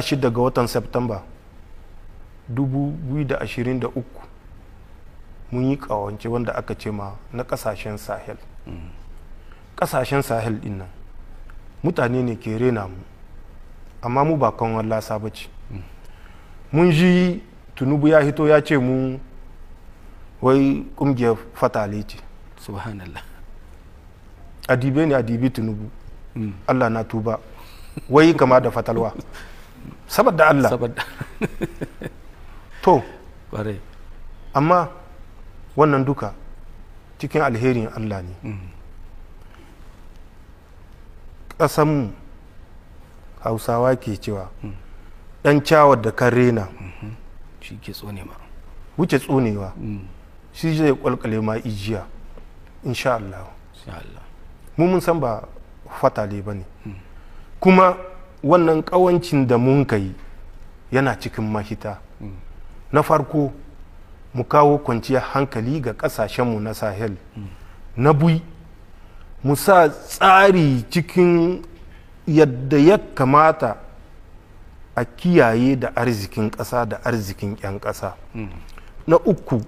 16 ga watan september 2023 mun yi kawance wanda aka ce ma na kasashen sahel kasashen sahel din nan mutane ne ke rena mu amma mu ba kan wallasa ba ce mun ji tunubu ya hito ya ce mu wai kungiyar fatale ce subhanallah adibe ne adibi tunubu mm. allah na tuba wai kama da fatalwa saboda Allah to ƙware amma wannan duka cikin alherin Allah ne mm. ƙasanmu hausawa ke cewa mm. ɗan cawar da kan rena mm-hmm. shi ke tsonewa wuce tsonewa mm. shi zai ƙwalƙale ma ijiya insha Allah mu mun san ba fatale ba ne kuma wannan kawancin da mun kai yana cikin mahita na farko mu kawo kwanciyar hankali ga kasashenmu na sahel na bui mu sa tsari cikin yadda ya kamata a kiyaye da arzikin ƙasa da arzikin 'yan ƙasa na uku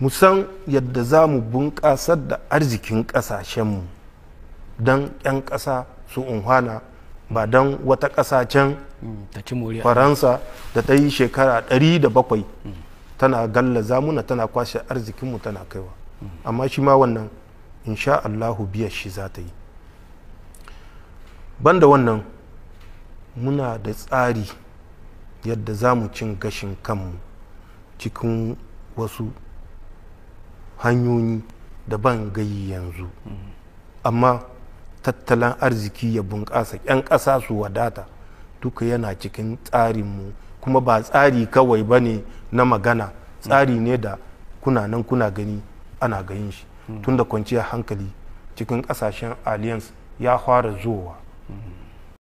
mu san yadda za mu bunƙasar da arzikin ƙasashenmu don 'yan ƙasa su unhwana ba don wata ƙasa can mm, faransa da ta yi shekara 107 tana galla zamuna tana kwashe arzikinmu tana kaiwa mm. amma shi ma wannan insha allahu biyar shi za ta yi banda wannan muna da tsari yadda za mu cin gashin kanmu cikin wasu hanyoyi daban gayi yanzu mm. amma tattalin arziki ya bunƙasa 'yan ƙasa su wadata duka yana cikin tsarinmu kuma ba tsari kawai ba ne na magana tsari ne da kuna nan kuna gani ana ganin shi mm. tun da kwanciyar hankali cikin ƙasashen alliance ya fara zowa mm.